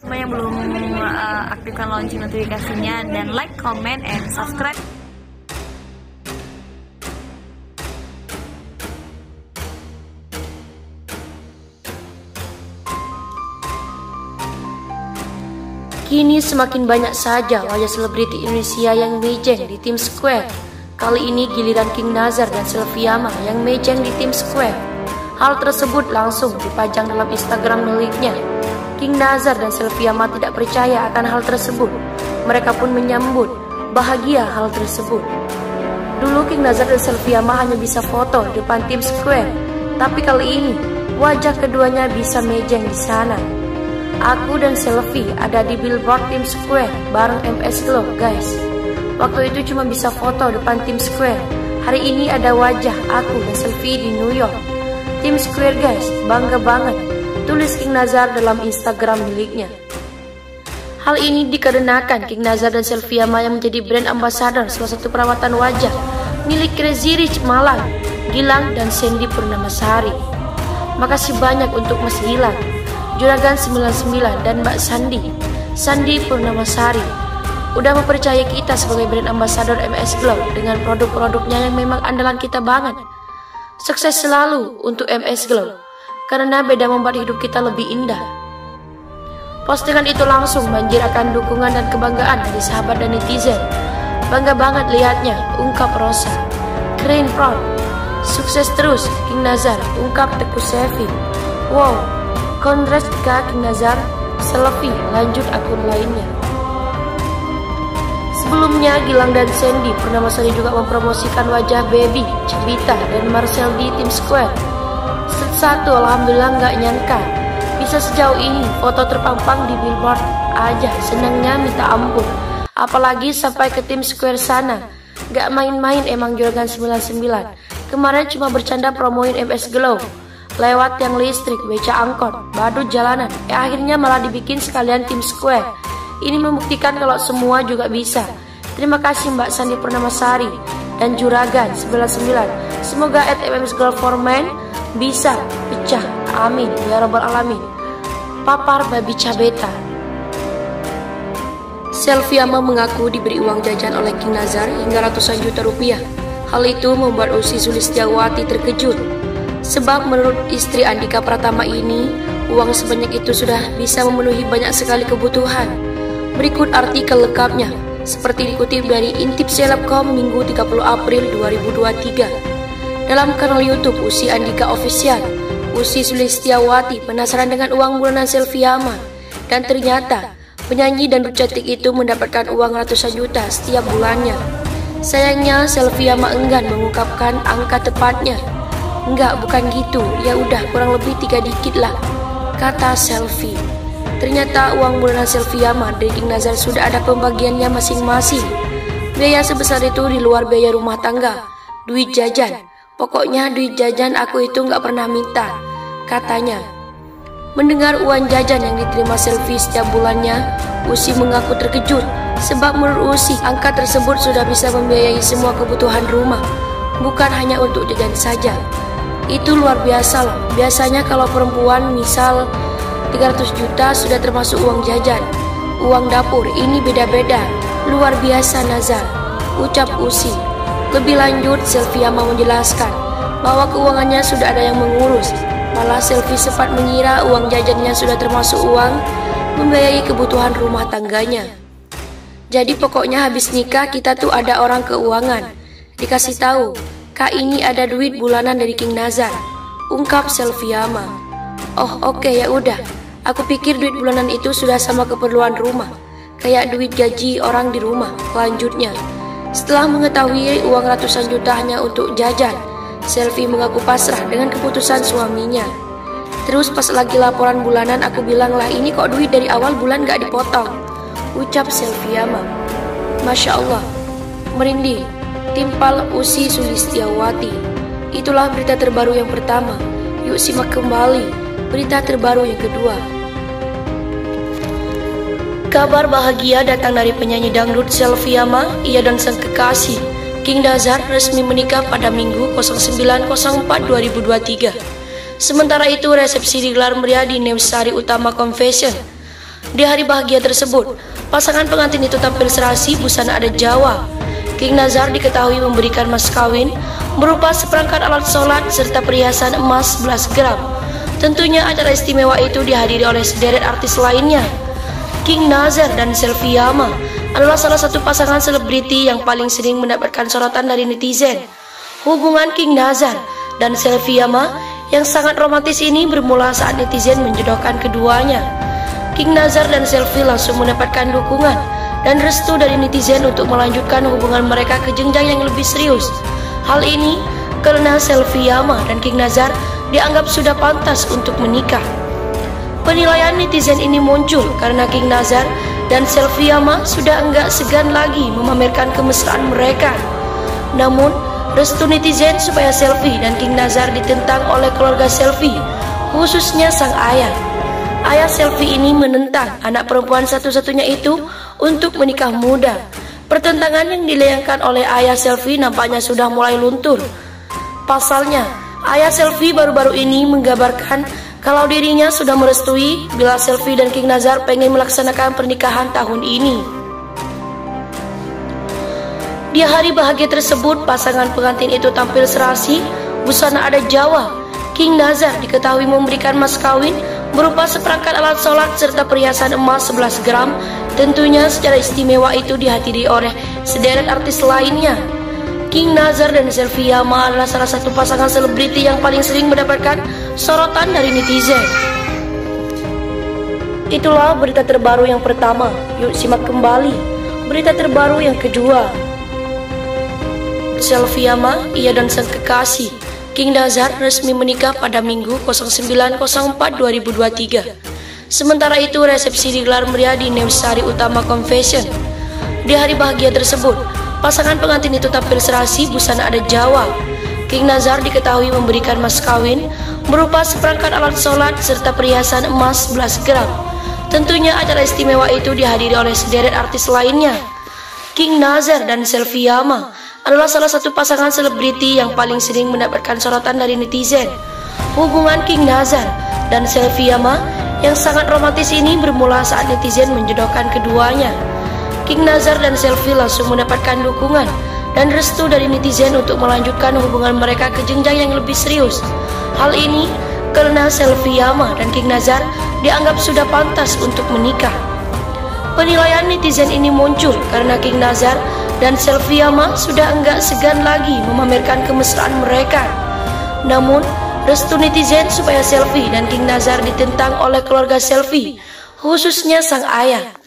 Semua yang belum uh, aktifkan lonceng notifikasinya dan like, comment, and subscribe. Kini semakin banyak saja wajah selebriti Indonesia yang mejeng di tim Square. Kali ini giliran King Nazar dan Sylviama yang mejeng di tim Square. Hal tersebut langsung dipajang dalam Instagram miliknya King Nazar dan Silviama tidak percaya akan hal tersebut. Mereka pun menyambut bahagia hal tersebut. Dulu King Nazar dan Ma hanya bisa foto depan tim Square, tapi kali ini wajah keduanya bisa mejeng di sana. Aku dan Sylvie ada di billboard tim Square bareng MS Glow, guys. Waktu itu cuma bisa foto depan tim Square. Hari ini ada wajah aku dan Sylvie di New York. Tim Square guys, bangga banget tulis King Nazar dalam Instagram miliknya. Hal ini dikarenakan King Nazar dan Sylvia Maya menjadi brand ambassador salah satu perawatan wajah milik Crazy Rich Malang, Gilang, dan Sandy Purnamasari. Makasih banyak untuk Mas Gilang, Juragan 99, dan Mbak Sandi, Sandi Purnamasari. Udah mempercayai kita sebagai brand ambassador MS Glow dengan produk-produknya yang memang andalan kita banget. Sukses selalu untuk MS Glow karena beda membuat hidup kita lebih indah. Postingan itu langsung banjir dukungan dan kebanggaan dari sahabat dan netizen. Bangga banget lihatnya, ungkap Rosa. Keren proud. Sukses terus, King Nazar, ungkap Teguh Sevi. Wow, kontras ke King Nazar, selfie. lanjut akun lainnya. Sebelumnya, Gilang dan Sandy pernah masanya juga mempromosikan wajah Baby, Cerita, dan Marcel di Team Square. Satu, Alhamdulillah nggak nyangka bisa sejauh ini foto terpampang di billboard aja senangnya minta ampun. Apalagi sampai ke tim square sana. nggak main-main emang Juragan 99. Kemarin cuma bercanda promoin MS Glow. Lewat yang listrik, beca angkot, badut jalanan. Eh akhirnya malah dibikin sekalian tim square. Ini membuktikan kalau semua juga bisa. Terima kasih Mbak Sandi Purnamasari dan Juragan 99. Semoga at MS Glow for Men bisa pecah amin ya rabbal alamin papar babi cabeta Selviama mengaku diberi uang jajan oleh King Nazar hingga ratusan juta rupiah. Hal itu membuat Usi Sulistiawati terkejut. Sebab menurut istri Andika Pratama ini, uang sebanyak itu sudah bisa memenuhi banyak sekali kebutuhan. Berikut artikel lengkapnya, seperti dikutip dari Intip Minggu 30 April 2023. Dalam kanal YouTube Usi Andika Official, Usi Sulistiawati penasaran dengan uang bulanan Silviama dan ternyata penyanyi dan cantik itu mendapatkan uang ratusan juta setiap bulannya. Sayangnya Silviama enggan mengungkapkan angka tepatnya. Enggak, bukan gitu. Ya udah, kurang lebih tiga dikit lah, kata Selfie. Ternyata uang bulanan Silviama dari King Nazar sudah ada pembagiannya masing-masing. Biaya sebesar itu di luar biaya rumah tangga, duit jajan, Pokoknya duit jajan aku itu nggak pernah minta, katanya. Mendengar uang jajan yang diterima Selvi setiap bulannya, Usi mengaku terkejut sebab menurut Usi angka tersebut sudah bisa membiayai semua kebutuhan rumah, bukan hanya untuk jajan saja. Itu luar biasa loh. Biasanya kalau perempuan misal 300 juta sudah termasuk uang jajan. Uang dapur ini beda-beda. Luar biasa Nazar, ucap Usi. Lebih lanjut, Sylvia mau menjelaskan bahwa keuangannya sudah ada yang mengurus. Malah Sylvie sempat mengira uang jajannya sudah termasuk uang membiayai kebutuhan rumah tangganya. Jadi pokoknya habis nikah kita tuh ada orang keuangan. Dikasih tahu, Kak ini ada duit bulanan dari King Nazar. Ungkap Selviama. Oh oke okay, ya udah. Aku pikir duit bulanan itu sudah sama keperluan rumah. Kayak duit gaji orang di rumah. Lanjutnya. Setelah mengetahui uang ratusan juta hanya untuk jajan, Selvi mengaku pasrah dengan keputusan suaminya. Terus pas lagi laporan bulanan aku bilang lah ini kok duit dari awal bulan gak dipotong. Ucap Selviama. Masya Allah. Merindih. Timpal Usi Sulistiawati. Itulah berita terbaru yang pertama. Yuk simak kembali berita terbaru yang kedua. Kabar bahagia datang dari penyanyi dangdut Ma, ia dan sang kekasih. King Dazar resmi menikah pada Minggu 0904 2023. Sementara itu, resepsi digelar meriah di Nemsari Utama Confession. Di hari bahagia tersebut, pasangan pengantin itu tampil serasi busana adat Jawa. King Nazar diketahui memberikan mas kawin berupa seperangkat alat sholat serta perhiasan emas 11 gram. Tentunya acara istimewa itu dihadiri oleh sederet artis lainnya. King Nazar dan Yama adalah salah satu pasangan selebriti yang paling sering mendapatkan sorotan dari netizen. Hubungan King Nazar dan Yama yang sangat romantis ini bermula saat netizen menjodohkan keduanya. King Nazar dan Selvi langsung mendapatkan dukungan dan restu dari netizen untuk melanjutkan hubungan mereka ke jenjang yang lebih serius. Hal ini karena Selfie Yama dan King Nazar dianggap sudah pantas untuk menikah. Penilaian netizen ini muncul karena King Nazar dan Selviama sudah enggak segan lagi memamerkan kemesraan mereka. Namun, restu netizen supaya Selvi dan King Nazar ditentang oleh keluarga Selvi, khususnya sang ayah. Ayah Selvi ini menentang anak perempuan satu-satunya itu untuk menikah muda. Pertentangan yang dilayangkan oleh ayah Selvi nampaknya sudah mulai luntur. Pasalnya, ayah Selvi baru-baru ini menggambarkan kalau dirinya sudah merestui bila Selvi dan King Nazar pengen melaksanakan pernikahan tahun ini. Di hari bahagia tersebut, pasangan pengantin itu tampil serasi, busana ada Jawa. King Nazar diketahui memberikan mas kawin berupa seperangkat alat sholat serta perhiasan emas 11 gram. Tentunya secara istimewa itu dihadiri oleh sederet artis lainnya. King Nazar dan Selvia Ma adalah salah satu pasangan selebriti yang paling sering mendapatkan sorotan dari netizen. Itulah berita terbaru yang pertama. Yuk simak kembali berita terbaru yang kedua. Selvia Ma, ia dan sang kekasih King Nazar resmi menikah pada Minggu 0904 2023. Sementara itu resepsi digelar meriah di Nevsari Utama Confession. Di hari bahagia tersebut, Pasangan pengantin itu tampil serasi busana adat Jawa. King Nazar diketahui memberikan mas kawin berupa seperangkat alat sholat serta perhiasan emas 11 gram. Tentunya acara istimewa itu dihadiri oleh sederet artis lainnya. King Nazar dan Yama adalah salah satu pasangan selebriti yang paling sering mendapatkan sorotan dari netizen. Hubungan King Nazar dan Yama yang sangat romantis ini bermula saat netizen menjodohkan keduanya. King Nazar dan Selvi langsung mendapatkan dukungan dan restu dari netizen untuk melanjutkan hubungan mereka ke jenjang yang lebih serius. Hal ini karena Selvi Yama dan King Nazar dianggap sudah pantas untuk menikah. Penilaian netizen ini muncul karena King Nazar dan Selvi Yama sudah enggak segan lagi memamerkan kemesraan mereka. Namun, restu netizen supaya Selvi dan King Nazar ditentang oleh keluarga Selvi, khususnya sang ayah.